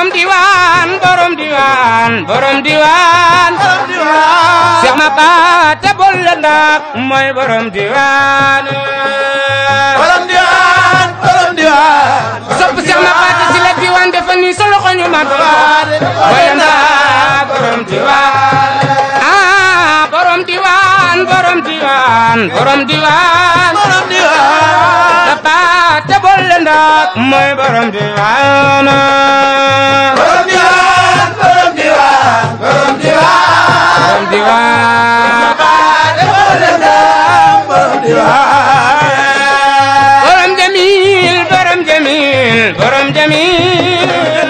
borom diwaan borom diwaan borom diwaan Cheikh ma paate bolle ndaak mooy borom diwaan borom diwaan borom diwaan sopp Cheikh ma paate si la diwaan dafa nii sa loxo ñu mat borom diwaan borom diwaan borom diwaan borom diwaan borom diwaan borom diwaan da baat te bolle ndaak mooy borom diwaan borom diwaan borom diwaan borom diwaan borom diwaan da baat te bolle ndaak borom diwaan borom jamil borom jamil borom jamil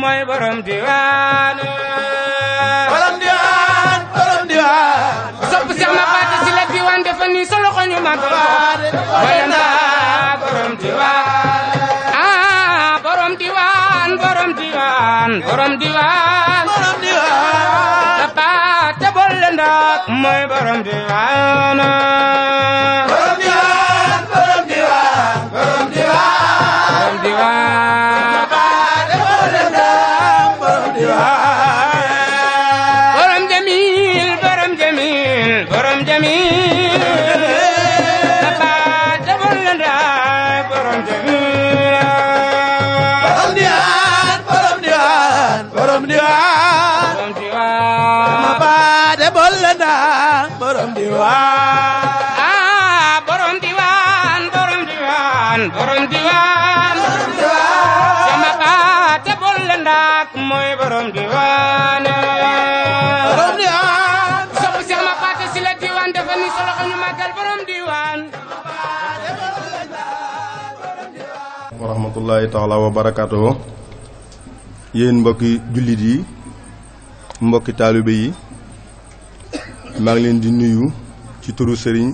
mooy borom diwaan borom diwaan borom diwaan sopp si ma fàtte si la diwaan dafa nii sa loxo ñu mag borom diwaan borom diwaan ah borom diwaan borom diwaan borom diwaan borom diwaan papa te bol la ndax mooy borom diwaan borom diwaan borom diwaan borom diwaan borom jamil borom jamil borom jamil na baa jabon la ndaa borom jamil borom diwaan borom diwaan borom diwaan borom diwaan na baa jabon la ndaa borom diwaan rahmatullahi taala wa barakaatuhu yéen mbokki jullit yi mbokki taalibe yi maa ngi leen di nuyu ci turu sëriñ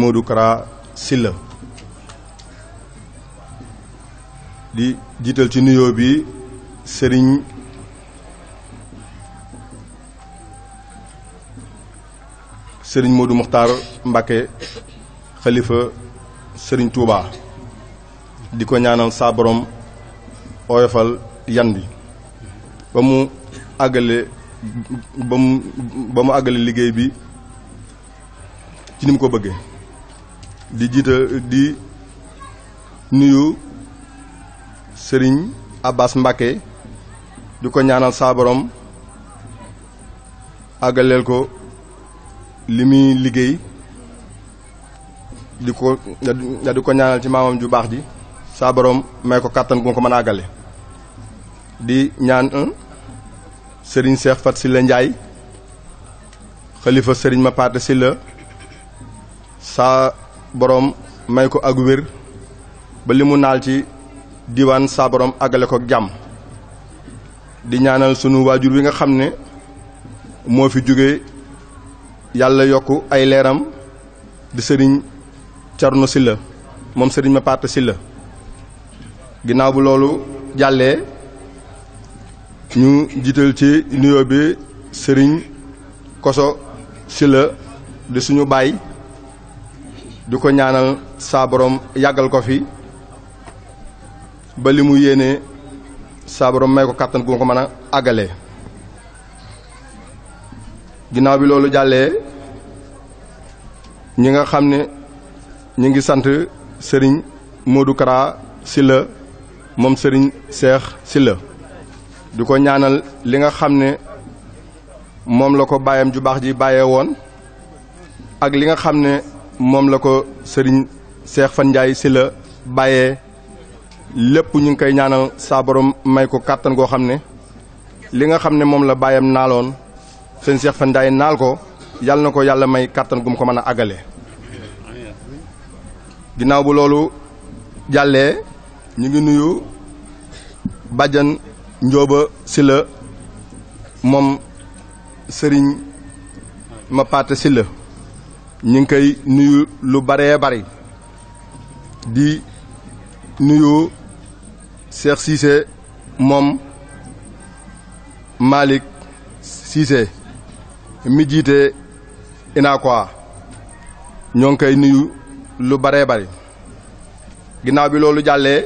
Modou Kara Sylla di jiital ci nuyoo bi sëriñ sëriñ Modou Muxtaar Mbàkke xalifa sëriñ Touba di ko ñaanal saa borom oyofal yan bi ba mu àggale ba mu àggale liggéey bi ci ni mu ko bëggee di jiita di nuyu sëriñ Abbas Mbacké di ko ñaanal saa borom àggaleel ko li muy liggéey di ko di ko ñaanal ci maamam ju baax ji saa borom may ko kàttan gu ma ko mën a àggale di ñaan sëriñ Seex Fat Silla Njaay xalifa sëriñ ma paate Silla saa borom may ko ak wér ba li mu naal ci diwaan saa borom àggale ko jàmm di ñaanal sunu waajur wi nga xam ne moo fi jóge yàlla yokk ay leeram di sëriñ Cerno Silla moom sëriñ ma si la ginnaaw bu loolu jàllee ñu jiital ci nuyoo bi sëriñ Koso Sylla di suñu baay di ko ñaanal saa yàggal ko fi ba li mu yéene saa borom may ko kàttan gu ma ko mën a àggalee ginnaaw bi loolu jàllee ñi nga xam ni ñu ngi sant sëriñ Modou Kara Sylla moom sëriñ si la di ko ñaanal li nga xam ne moom la ko baayam ju baax ji bàyyee woon ak li nga xam ne moom la ko sëriñ Cheikh Fan si la bàyyee lépp ñu ngi koy ñaanal saa borom may ko kàttan goo xam ne li nga xam ne moom la baayam naaloon sëriñ Cheikh Fan Ndiaye naal ko yàlla na ko yàlla may kàttan gu mu ko mën a àggale ginnaaw bu loolu jàllee ñu ngi nuyu bàjjan Njóoba Silla moom sëriñ ma paate Silla ñu ngi koy nuyu lu baree bari di nuyu Cheikh Cissé moom Malick Cissé mi jiite Unacois ñoo ngi koy nuyu lu baree bari ginnaaw bi loolu jàllee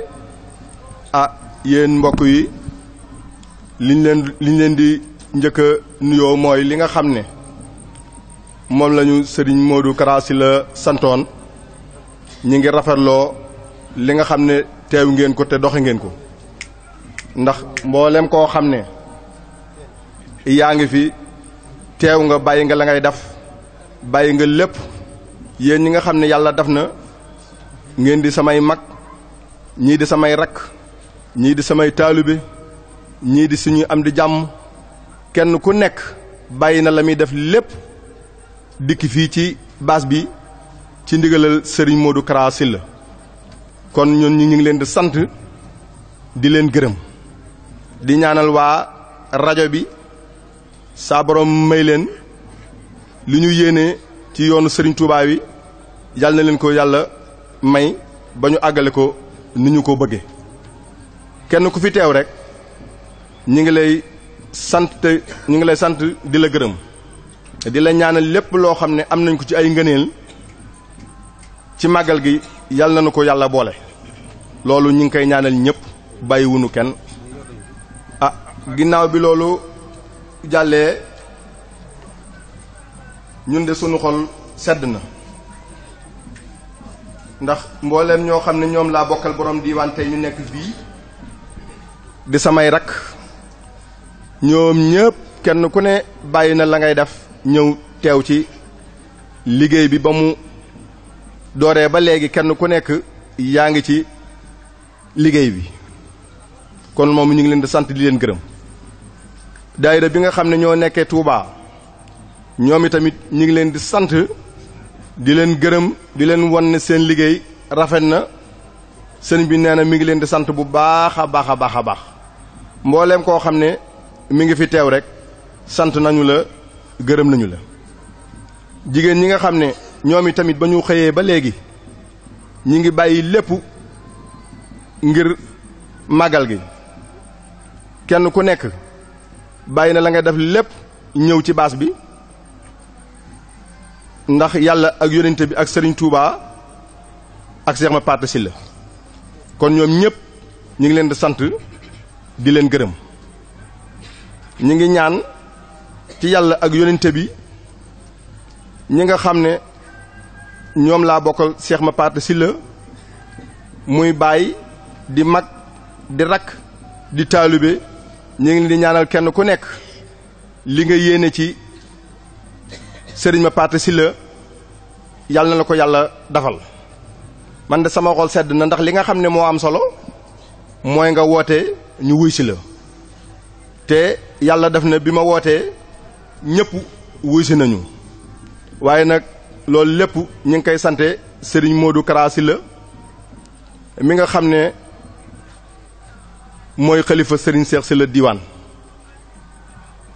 a ah, yéen mbokk yi liñ leen liñ leen di njëkk a nuyoo mooy li nga xam ne moom lañu sëriñ Modou Kara la santoon ñi ngi rafetloo li nga xam ne teew ngeen ko te doxe ngeen ko ndax mboolem koo xam ne yaa ngi fi teew nga bàyyi nga la ngay def bàyyi nga lépp yéen ñi nga xam ne yàlla def na ngeen di samay mag ñii di samay rakk ñii di samay taalibe ñii di suñu am di jàmm kenn ku nekk bàyyi na la muy def lépp dikk fii ci baas bi ci ndigalal sëriñ Modou Kara la kon ñun ñu ngi leen di sant di leen gërëm di ñaanal waa rajo bi saa borom may leen li ñu yéene ci yoonu sëriñ Touba yi yàlla na leen ko yàlla may ba ñu àggale ko ni ñu ko bëggee. kenn ku fi teew rek ñu ngi lay sant te ñu ngi lay sant di la gërëm te di la ñaanal lépp loo xam ne am nañ ko ci ay ngëneel ci màggal gi yàlla nañu ko yàlla boole loolu ñu ngi koy ñaanal ñëpp bàyyiwuñu kenn a ah, ginnaaw bi loolu jàllee ñun de sunu xol sedd na ndax mbooleem ñoo xam ne ñoom laa bokkal borom diiwaan tey ñu nekk bii di samay rak ñoom ñëpp kenn ku ne bàyyi na la ngay def ñëw teew ci liggéey bi ba mu dooree ba léegi kenn ku nekk yaa ngi ci liggéey bi kon moom ñu ngi leen di sant di leen gërëm daayira bi nga xam ne ñoo nekkee tuubaa ñoom itamit ñu ngi leen di sant di leen gërëm di leen wan ne seen liggéey rafet na sëñ bi nee na mi ngi leen di sant bu baax a baax a baax a baax mbooleem koo xam ne mi ngi fi teew rek sant nañu la gërëm nañu la jigéen ñi nga xam ne ñoom i tamit ba ñu xëyee ba léegi ñi ngi bàyyi lépp ngir màggal gi kenn ku nekk bàyyi na la nga def lépp ñëw ci baas bi ndax yàlla ak yonente bi ak Serigne Touba ak Cheikh Ma Pata Sylla kon ñoom ñëpp ñu ngi leen di sant di leen gërëm ñu ngi ñaan ci yàlla ak yonente bi ñi nga xam ne ñoom laa bokk bokkal Cheikh Mapaté Sylla muy baay di mag di rakk di taalibe ñu ngi di ñaanal kenn ku nekk li nga yéene ci sëriñ Serigne Mapaté Sylla yàlla na la ko yàlla dafal man de sama xol sedd na ndax li nga xam ne moo am solo mooy nga woote ñu wuy si la te yàlla def na bi ma wootee ñëpp wuy si nañu waaye nag loolu lépp ñu ngi koy sante Serigne Modou Kara Sylla mi nga xam ne mooy xalifa Serigne Cheikh Sylla diwaan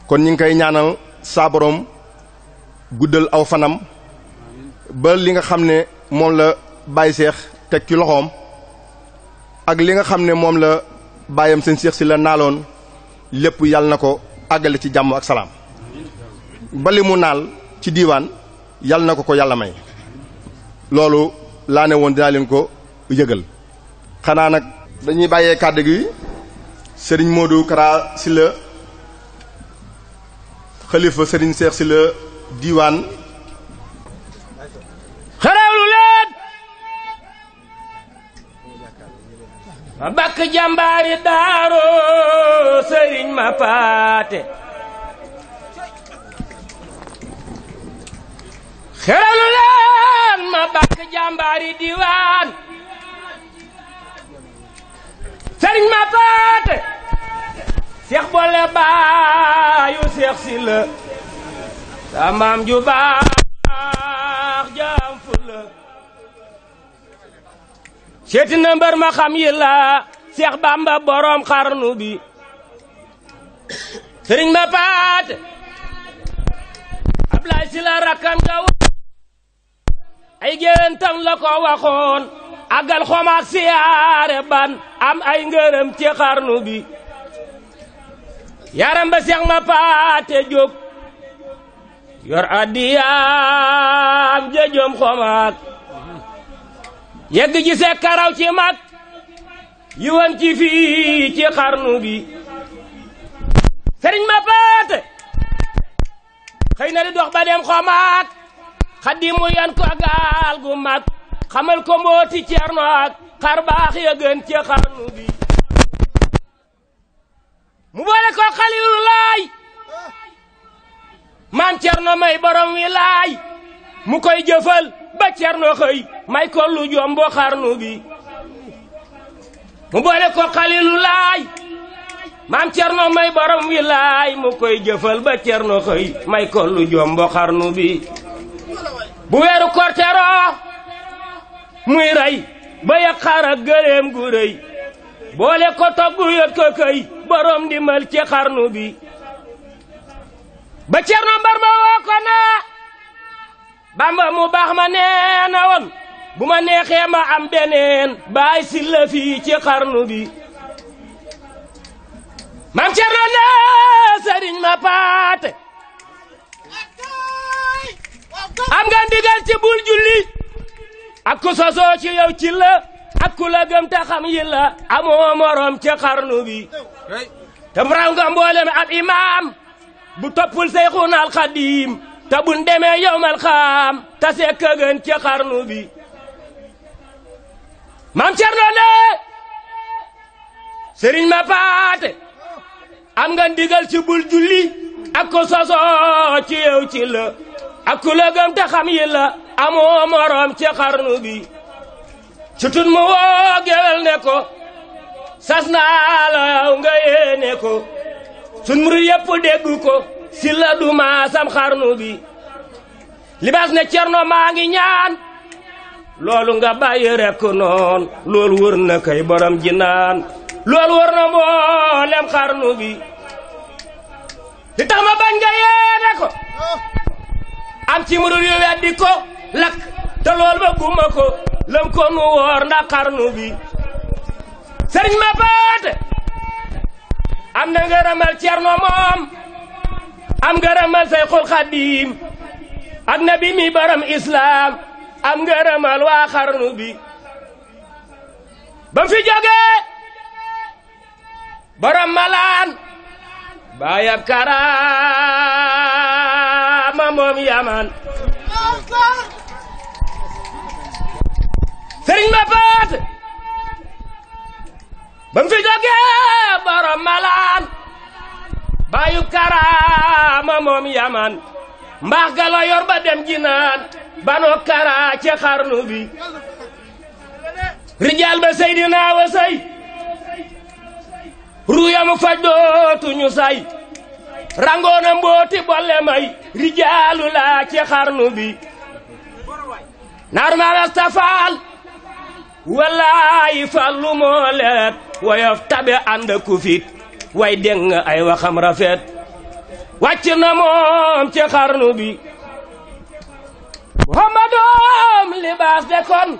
kon ñu ngi koy ñaanal saa borom guddal aw fanam ba li nga xam ne moom la Baye Cheikh teg ci loxoom ak li nga xam ne moom la bàyyam seen Seex si la naaloon lépp yàlla na ko àggale ci jàmm ak salaam bali mu naal ci diiwaan yàlla na ko ko yàlla may loolu laa ne woon dinaa leen ko yëgal xanaa nag dañuy bàyyee kàddu gi sëriñ Modou Kara si la xalifa sëriñ Seex si la diiwaan bakk jàmbaari daaro sëriñ ma paate xeralu leen ma bakk jàmbaari diwaan sëriñ ma paate seex boole baayu seex si la sa ju baax jaam fu la seeti na mbër ma xam yilla Seex Bamba borom xarnu bi sëriñ ma paat Ablaay Si rakkam nga ay géwéntam la ko waxoon agal xomaak siyaare ban am ay ngërëm ci xarnu bi yaram ba Seex ma paate yor addiyaam jëjëm xomaak yegg ji see karaw ci mag yi wan ci fii ci xarnu bi sëriñ ma paate na di dox ba dem xomaak xaddimu yan ko gaal gu mag xamal ko mbooti ceerno ak xar baax ya gën ci xarnu bi mu boole ko xalilu laay maam ceerno may borom wi laay mu koy jëfal ba Cerno xëy may ko lu jom boo xarnu bi mu boole ko xalilu laay maam Cerno may borom wi laay mu koy jëfal ba Cerno xëy may ko lu jom boo xarnu bi bu weeru kortero muy rey ba ya xar ak gëléem gu boole ko togg yot ko këy borom ndimbal ci xarnu bi ba Cerno mbar ma woo ko naa bamba mu baax ma nee na bu ma neexee ma am beneen baay si la fii ci xarnu bi mam cerno na sëriñ ma paate am nga ndigal ci bul julli ak ku sosoo ci ci la ak ku la gëm yi la amoo morom ci xarnu bi te raw nga mboolem ab imaam bu toppul Seyxunal Xadiim te buñ demee yowmal xaam tase këgën ci xarnu bi maam Cerno ne sëriñ ma paate am nga ndigal ci bul julli ak ko sosoo ci yow ci la ak ku la gëm te xam yi la amoo morom ci xarnu bi ci tun mu woo gewel ne ko sas naa la yow nga yéene ko sun murit yëpp dégg ko si la du maasam xarnu bi libaas ne cerno maa ngi ñaan loolu nga bàyyi rekk noon loolu wër na kay borom ji naan loolu wër na mboolem xarnu bi li tax ma bañ nga yeene ko am ci yu weddi ko lakk te ba guma ko ko nu woor ndax xarnu bi sëriñ ma baate am na ngërëmal cerno moom am ngërëmal Seyxul Xadiim ak mi borom islaam am ngërëmal waa xarnu bi ba fi jógee borom malaan baayab karaama moom yaman sëriñ ma paat ba fi jógee borom malaan baayu karaama moom yaman mbaax ga yor ba dem ji naan banoo karaa ci xarnu bi rijaal ba sey wa sey ruuyamu faj dootuñu say rangoona mbooti bolle may rijaalu laa ci xarnu bi naar ma rastafaal wallaayi fallu moo woyof tabe ànd ku fit way deng ay waxam rafet wàcc na moom ci xarnu bi muhammadum libaas de kon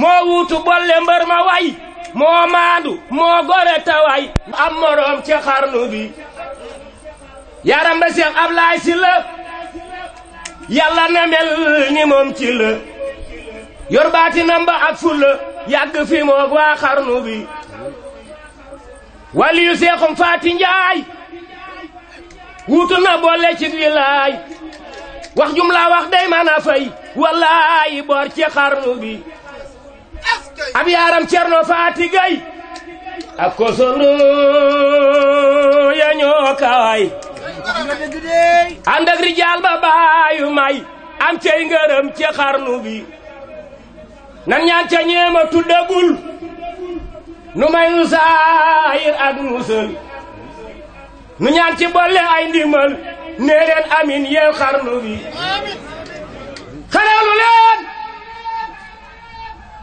moo wuutu bolle mbër ma way moo maandu moo gore taway am moroom ci xarnu bi yaram ba Seex Ablaay Si la yàlla na mel ni moom ci la yor baati namba ak fulla yàgg fi moog waa xarnu bi wàlli yu seexum faati njaay wuutu na boole ci wilaay wax jum laa wax day mën a fay wallaayi bor ci xarnu bi ab yaaram cerno faati gay ak kosondo ya ñoo kaway ànd rijaal ba baayu may am cey ngërëm ci xarnu nan ñaan ca ñeema tuddagul nu may nu saayir ak nu nu ñaan ci bolle ay ndimbal nee leen amin yeew xarnu bi xaleelu leen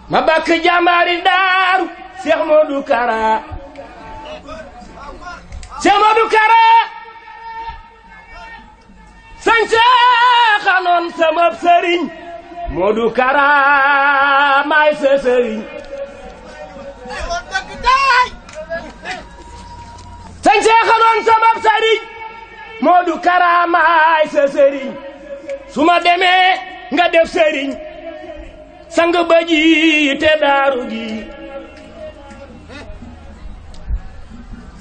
ma bakk jàmbaari daaru Cheikh Modou Kara Cheikh Modou Kara sañ sa xanoon sama sëriñ Modou Kara maay sa sëriñ sëñ Cheikh doon sëriñ Modou Kara maay sa sëriñ su demee nga def sëriñ sang ba ji te daaru ji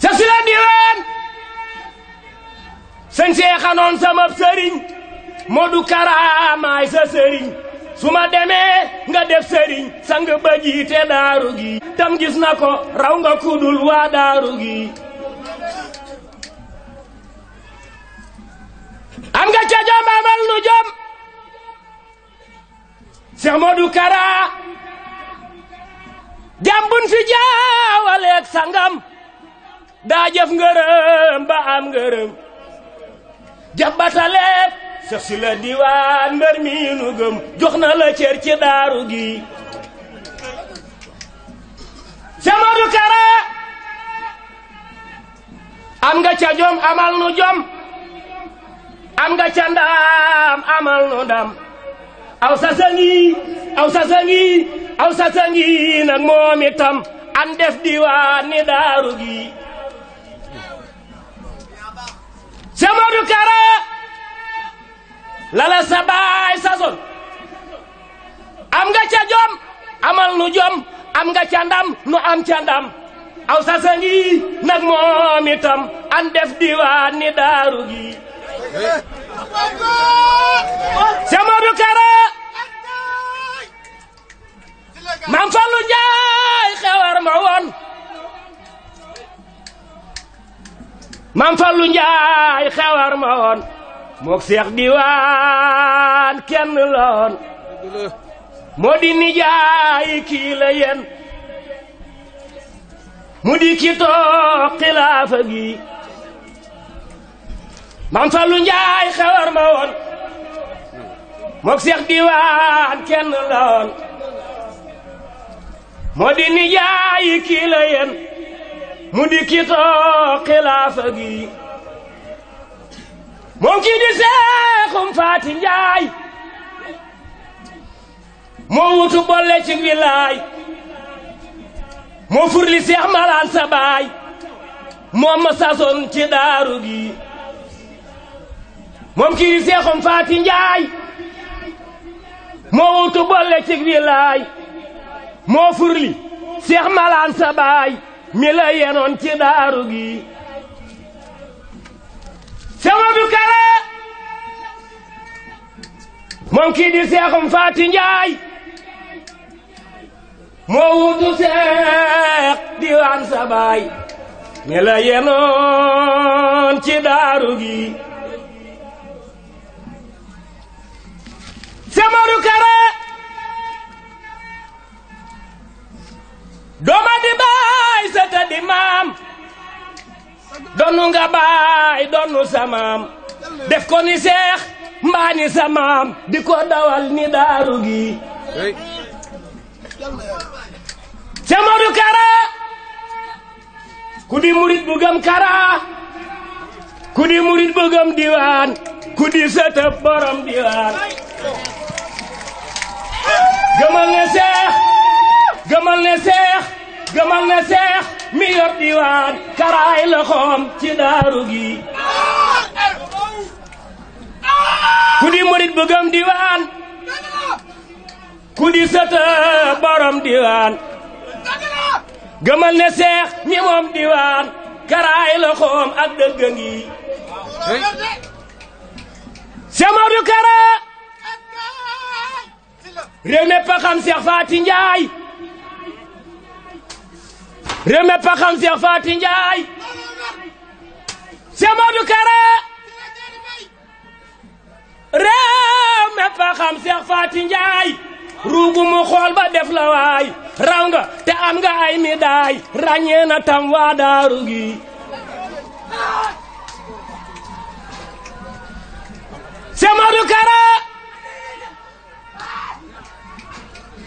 sa si la diween sëñ Cheikh sëriñ Modou Kara maay sa sëriñ suma ma demee nga def sëriñ sang ba jiite daaru gi tam gis na ko raw nga kudul waa daaru gi am nga ca jom amal nu jom Cheikh Modou Kara jàmbun fi jaawaleeg sangam daa jëf ngërëm ba am ngërëm jëf Seex si la diwaan mbër mi nu gëm jox na la cër ci daaru gi Samadu Kara am nga jom amal nu jom am nga ca amal nu ndam aw sasangi aw sasangi aw sasangi nag moom itam an def diwaan ni daaru gi Samadu Kara lala sa baay sason am nga ca jom amal nu jom am nga ca nu am ca aw sasa ngi nag moom itam def diwaan ni daaru gi se Mam Fallu Njaay xewar ma woon Mam Fallu Njaay xewar ma woon mook seex diwaan kenn di la yen mu di ki toog xilaafa gi maam Fallu Njaay xewar ma woon mook diwaan kenn la yen mu di ki toog moom kii di seexum faati njaay moo wutu bolle ci wilaay moo furli seex malaan sa moom ma ci daaru moom kii di seexum faati njaay moo wutu bolle ci wilaay moo furli seex malaan sa baay yenoon ci daaru gi Seex Amadu Kara moom kii di seexum Faati Njaay wutu seex diwaan sa baay mi la yenoon ci daaru gi Seex Amadu Kara samaam def ko ni seex mbaa ni samaam di ko dawal ni daaru gi ca Modou Kara ku di murit bu gëm Kara ku di murit bu gëm diwaan ku di sëtëb borom diwaan gëmal ne seex gëmal ne seex gëmal diwaan karaay loxoom ci daaru gi ku di murit bëggam diwaan ku di sëtë borom diwaan gëmal ne seex ñi moom diwaan karaay loxoom ak dëgg ngi semar du kara réew mi paxam seex faati njaay réew mi paxam seex faati njaay semar du kara maam Cheikh Faati Njaay ruugu mu xool ba def la waay raw nga te am nga ay médaay ràññee na tam waa daaru gi Cheikh Modou Kara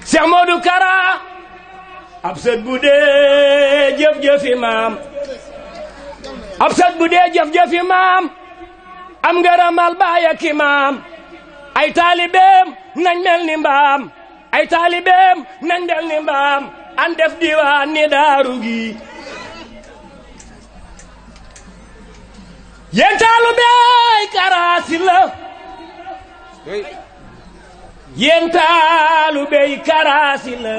Cheikh Modou Kara ab sët bu dee jëf-jëfi maam ab sët bu dee jëf-jëfi maam am nga ramal baaya ki maam ay taalibeem nañ mel ni mbaam ay taalibeem nañ mel ni mbaam an def diwaan ni daaru gi yéen taalibeey karaasi la yéen taalibeey karaasi la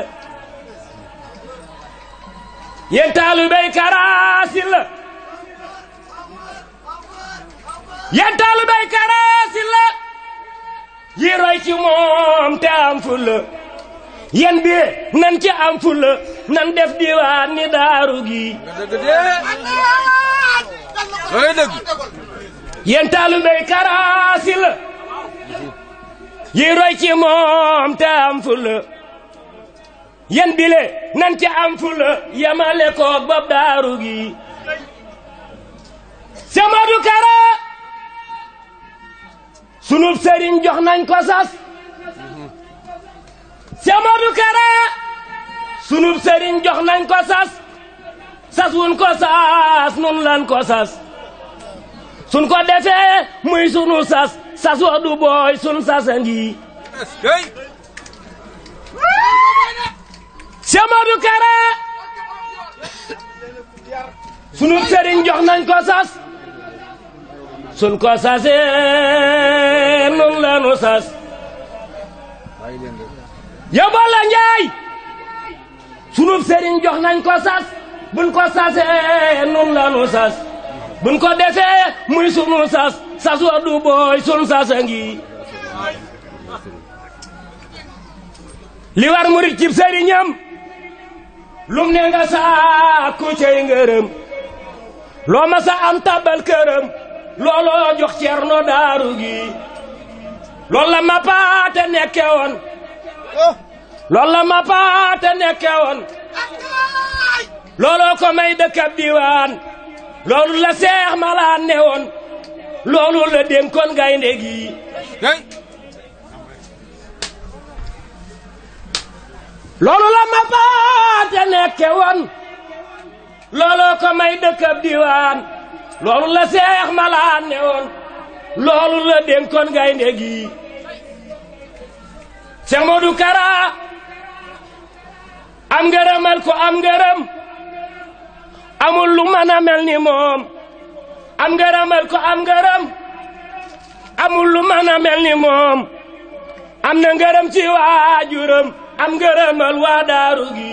yéen taalibeey karaasi la yéen taalibeey karaasi la yi roy ci moom te am fulla yen bi nan ci am fulla nan def diwaan ni daaru gi yen taalubey karaasi la roy ci moom te am fulla yen bile nan ci am fulla yamale koog bopp daaru gi samadu kara sunub sëriñ jox nañ ko sas si Amadou Kara sunub sëriñ jox nañ ko sas sas wun ko sas nun lan ko sas sun ko defee muy sunu sas sas wa du booy sun sas a si Amadou Kara sunub sëriñ jox nañ ko sas sun ko sasee nun la nu sas yóbbal la njaay sunub sëriñ jox nañ ko sas buñ ko sasee nun la nu sas buñ ko defee muy sunu sas sas wa du booy sun sas a ngi murit cib sëriñam lum ne nga ku cey ngërëm loo ma am tabal kërëm looloo jox Ceerno daaru gi loolu la ma paate nekke woon oh. loolu ma paate nekke woon looloo ko may dëkkab diwaan loolu la seex malaan ne woon loolu la dénkoon gaynde gi loolu la ma paate nekke woon looloo ko may dëkkab diwaan loolu la seex malaan ne woon loolu la dénkoon gaynde gi Seex Moodu Kara am ngërëmal ko am ngërëm amul lu mën a mel ni moom am ngërëmal ko am ngërëm amul lu mën mel ni moom am na ngërëm ci waajuram am ngërëmal waa daaru gi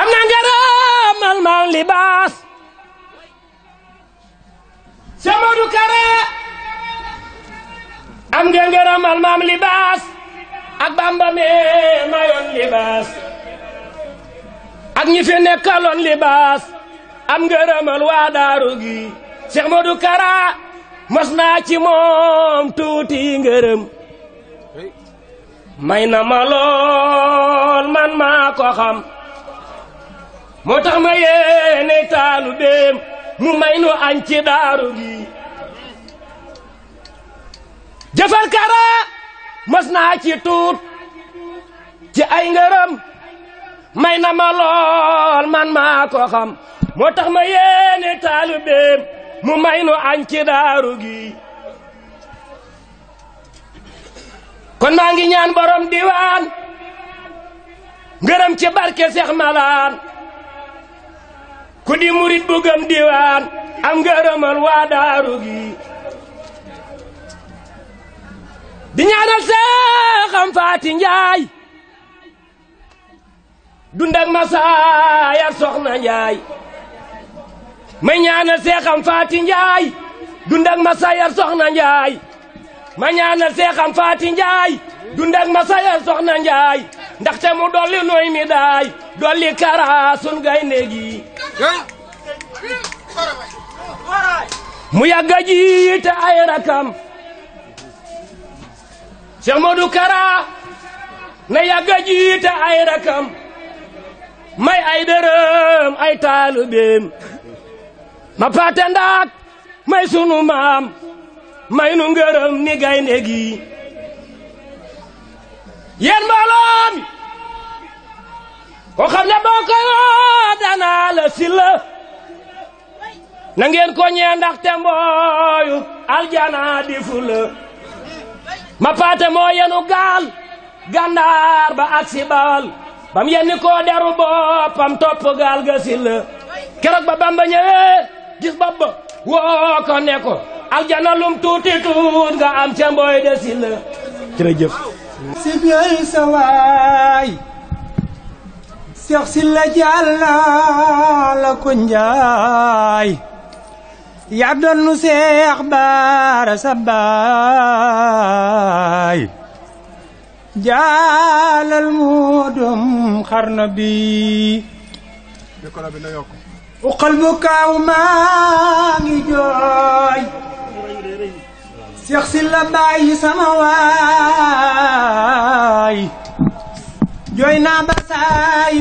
am na ngërëmal maam libaas samadu kare am nga ngërëmal maam libaas ak bamba mayoon libaas ak ñi fi libaas am ngërëmal waa daaru gi Cheikh Modou Kara mos naa ci moom tuuti ngërëm may na ma man maa ko xam moo tax ma yéene taalu béem mu may nu añ ci daaru gi jëfal kara mas naa ci tuut ci ay ngërëm may na ma lool man maa ko xam moo tax ma yéene taalu béem mu may nu añ ci daaru gi kon maa ngi ñaan borom diwaan ngërëm ci barke Seex Malaan ku di murit bu gëm diwaan am ngërëmal waa daaru gi di ñaanal seexam faati njaay dund ak masaayar soxna njaay may ñaanal seexam faati njaay dund ak masaayar soxna njaay ma ñaanal seexam faati njaay dund ak masaayar soxna njaay ndaxte mu dolli nuy mi daay dolli karaasun gaynde gi mu yàgg a jiite ay rakam Cheikh Modou Kara na yàgg jiite ay rakam may ay dërëm ay taalubeem ma paate ndaak may sunu may nu ni gaynde gi yéen mbooloo mi ne boo ko woo danaa la silla na ngeen ko ñee ndaxte mbooyu aljana di fula ma moo yenu gaal gàndaar ba ak si bam yenni koo deru topp gaal ga silla keroog ba bamba ñëwee gis bopp woo ko ne ko aljana am ca mbooy de silla jërëjëf sibyal sa waay seex si la jàllaa la ko njaay yaa doon nu baara sa baay jaalal moo doom xarna bi uqal bu kaaw maa ngi jooy Seex Silla bàyyi sama waay jooy naa ba saay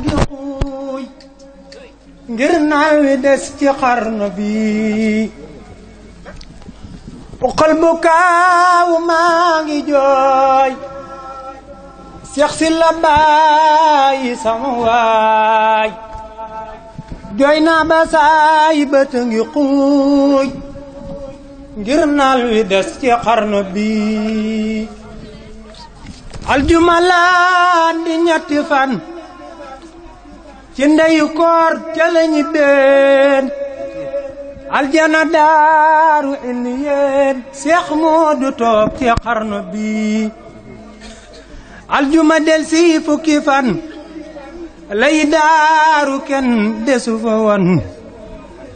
ngi xuuy ngir naaw des ci xarnu bi uqal bu kaaw maa ngi jooy Seex Silla bàyyi sama waay jooy naa ba saay ngi xuuy ngir naal wi des ci xarnu bi aljuma laan di ñetti fan ci ndeyu koor ca lañu been aljana daaru indi seex moo du toog ci xarnu bi aljuma del si fan lay daaru kenn desu fa woon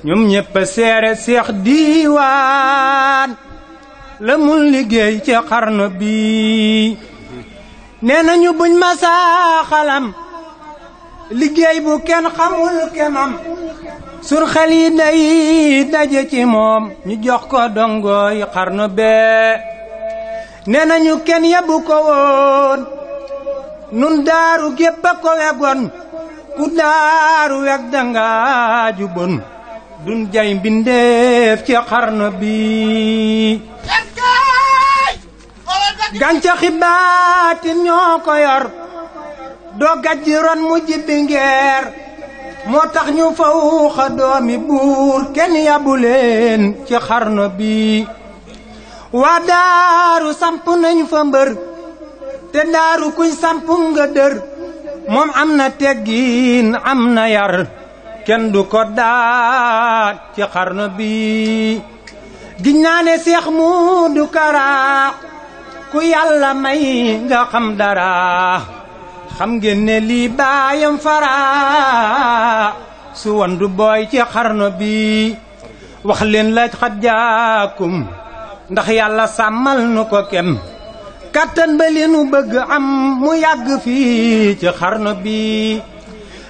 ñoom ñépp a seere seex diiwaan la mun liggéey ci xarnu bi nee nañu buñ masaa xalam liggéey bu kenn xamul kemam sur xel yi day daje ci moom ñu jox ko dongoy xarnu bee nee nañu kenn yebbu ko woon nun daaru gépp a ko wegoon ku daaru weg dangaa ju dun jay mbindeef ci xarnu bi gàncaxi baatin ñoo ko yor doo gàjji mu jibbi ngeer moo tax ñu fawxa doomi buur kenn yabu leen ci xarnu bi waa daaru samp nañ fa mbër te daaru kuñ samp nga dër moom am na teggiin am na yar kenn du ko daat ci xarnu bi giñ naa ne seex mu du kara ku yàlla may nga xam dara xam ngeen ne lii baayam fara su wan du booy ci xarnu bi wax leen la xat jaakum ndax yàlla sàmmal ko kem kàttan ba li nu bëgg am mu yàgg fii ci xarnu bi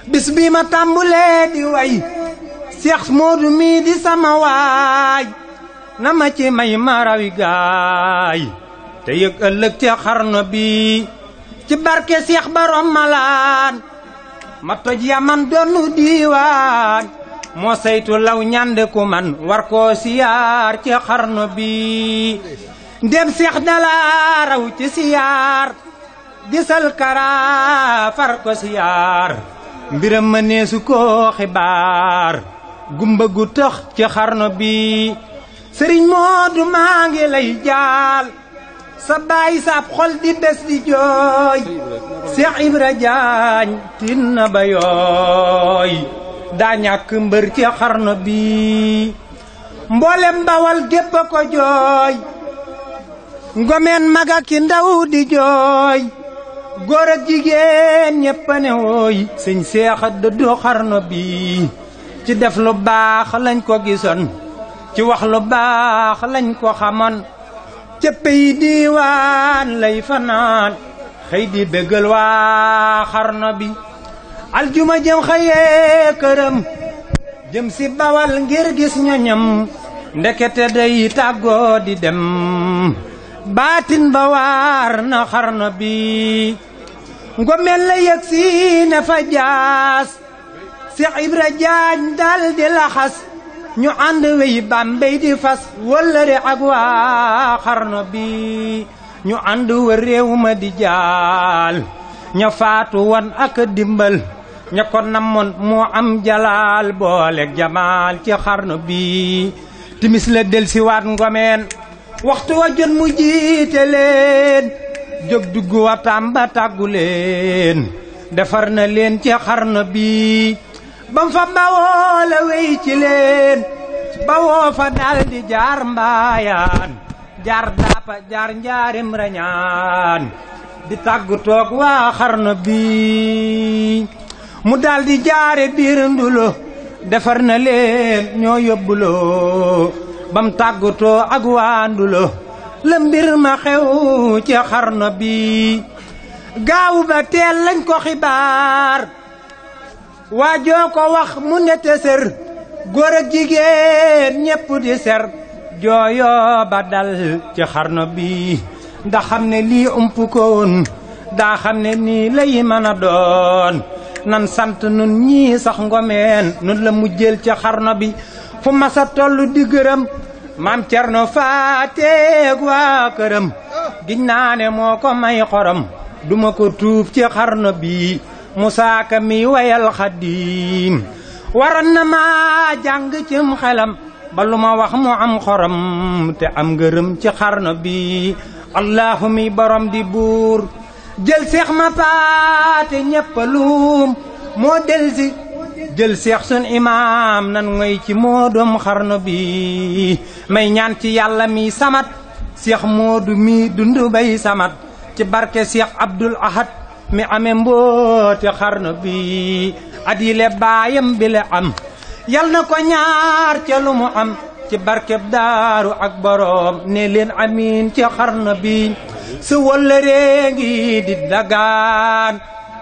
bis bi ma tàmbulee di way Seex Moodu di sama waay na ma ci may marawi gaay te yëg ëllëg ca xarnu bi ci barke Seex Borom Malaan ma toj yaman doonu diiwaan moo saytu law ñànde ku man war koo siyaar ci xarnu bi ndem Seex dalaa raw ci siyaar gisal kara far ko siyaar mbiram ma neesu koo xibaar gumba gu tax ci xarno bi sëriñ Moodu maa ngi lay jaal sa baay saab xol di bés di jooy Seex Ibra Jaañ tin na ba yooy daa ñàkk mbër ci xarno bi mboolem bawal gépp a ko jooy ngomeen mag ki ndaw di jooy góor ak jigéen ñépp a ne sëñ seexa dëddu xarno bi ci def lu baax lañ ko gisoon ci wax lu baax lañ ko xamoon cëppe yi diiwaan lay fanaan xëy di bégal waa xarno bi aljuma jëm xëyee këram jëm si bawal ngir gis ñoñam ndekete day tàggoo di dem baatin ba waar na xarnu bi ngomel la yëg si ne fa jaas si ibra jaañ dal laxas ñu ànd wey bambey di fas wëllëre ak waa xarnu bi ñu ànd wa réew di jaal ña faatu woon ak dimbal ña ko namoon moo am jalaal booleeg jamaal ci xarnu bi timis la del ngomeen waxtu wa jot mu jiite leen jóg dugg wa Tàmba tàggu leen defar na leen ci xarnu bi bam fa bawoo la wéy ci leen bawoo fa dal jaar mbaayaan jaar daapa jaar njaarim rañaan di tàggu toog waa xarnu bi mu daldi di biir ndulo defar na leen ñoo yóbbuloo bam tàggatoo ak waandulo la mbir ma xew ci xarno bi gaaw ba teel lañ ko xibaar waa joo ko wax mu nete sër góor ak jigéen ñépp di ser jooyo ba dal ci xarno bi ndax xam ne lii ump ko woon daa xam ne nii lay mën a doon nan sant nun ñii sax ngomeen nun la mujjël ci xarno bi fu masa tollu di gërëm maam cerno faateeg waa këram giñ naa ne moo ko may xorom duma ko tuuf ci xarnu bi musaaka mi wayal xadiim waroon na maa jàng cim xelam ba lu ma wax mu am xorom te am ngërëm ci xarnu bi allahu mi borom di buur jël seex ma paate ñëppaluum moo delsi jël seex sun imaam nan ngoy ci moodoom xarnu bi may ñaan ci yàlla mi samat seex moodu mi dundu bay samat ci barke seex abdul ahad mi ame mbooti xarnu bi at baayam bi am yal na ko ñaar ca lu mu am ci barkeb daaru ak boroom ne leen amiin ci xarnu bi su wëllëree ngi di dagaan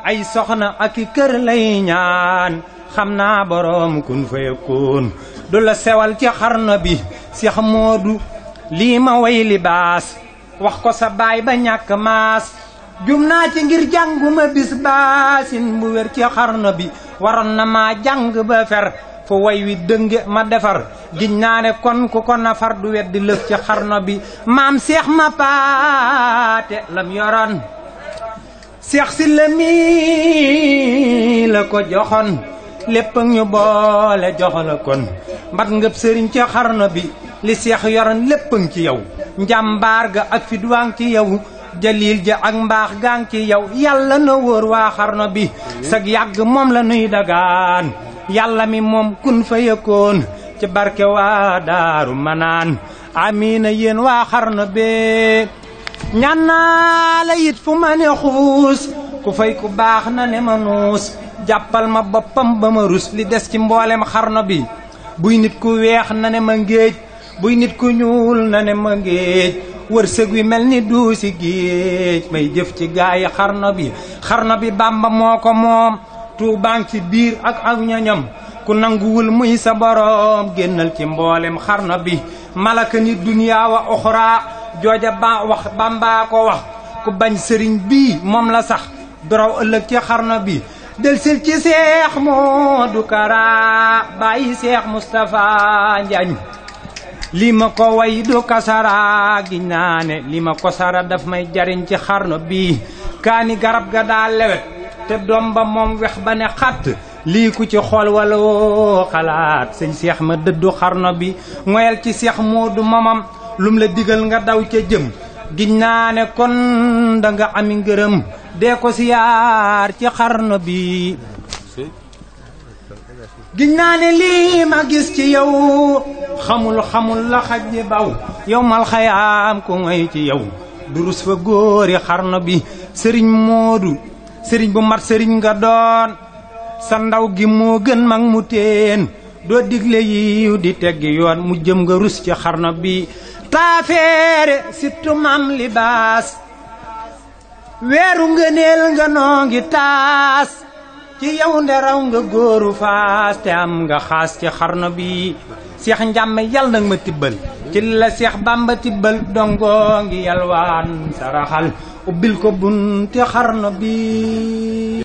ay soxna ak i kër lay ñaan xam naa boroom kun fayakoon du la sewal ci xarno bi Seex Moodu lii ma way libaas wax ko sa baay ba ñàkk maas jum naa ci ngir jànguma bis baasin bu ci xarna bi waroon na maa jàng ba fer fu way wi dënge ma defar giñ naa ne kon ku ko nafar du weddi lëf ci xarna bi maam seex ma paate lam yoroon seex si la mi la ko joxoon lépp ak ñu boole jox mbat ngëb sëriñ ci xarno bi li seex yoron lépp ci yow njàmbaar ga ak fit waa ci yow jaliil ja ak mbaax gaa ci yow yàlla na wóor waa xarna bi sag yàgg moom la nuy dagaan yàlla mi moom kun fa yëkkoon ci barke waa daaru manaan amiina yéen waa xarna bee ñaan fu ma ne xuus ku fay ku baax na ne ma nuus jàppal ma boppam ba ma rus li des ci mboolem xarno bi buy nit ku weex na ne ma ngéej buy nit ku ñuul na ne ma ngéej wërsëg wi mel ni duu si géej may jëf ci yi xarno bi xarno bi bàmba moo ko moom tuubaan ci biir ak ak ñoñam ku nanguwul muy sa boroom génnal ci mboolem xarno bi mala ni duniyaa wa oxraa jooja ba wax bàmbaa ko wax ku bañ sëriñ bii moom la sax dorow ëllëg ci xarno bi del sil ci seex Moodu Kara bàyyi seex Moustapha Njaañ li ma ko way du kasara gi ne li ma ko sara daf may jariñ ci xarno bi kaani garab ga daa lewet te doom ba moom wex ba ne xatt lii ku ci xool walla woo xalaat sëñ seex ma dëddu xarno bi ngoyal ci seex Moodu mamam lum la digal nga daw ca jëm giñ naa ne kon danga nga ami ngërëm dee ko siyaar ci xarnu bi giñ naa ne lii ma gis ci yow xamul xamul la xaj baw yow mal xayaam ku ngay ci yow durus fa góori xarnu bi sëriñ moodu sëriñ bu mat sëriñ nga doon sa ndaw gi moo gën mag mu teen doo digle yiw di tegg yoon mu jëm nga rus ci xarnu bi taafeere sittu mam libaas weeru ngëneel nga noo ngi taas ci yow nderaw nga góoru faas te am nga xaas ci xarnu bi seex njàmm yal nag ma tibbal ci la seex bàmba tibbal dongoo ngi yalwaan saraxal ubbil ko bunti xarnu bi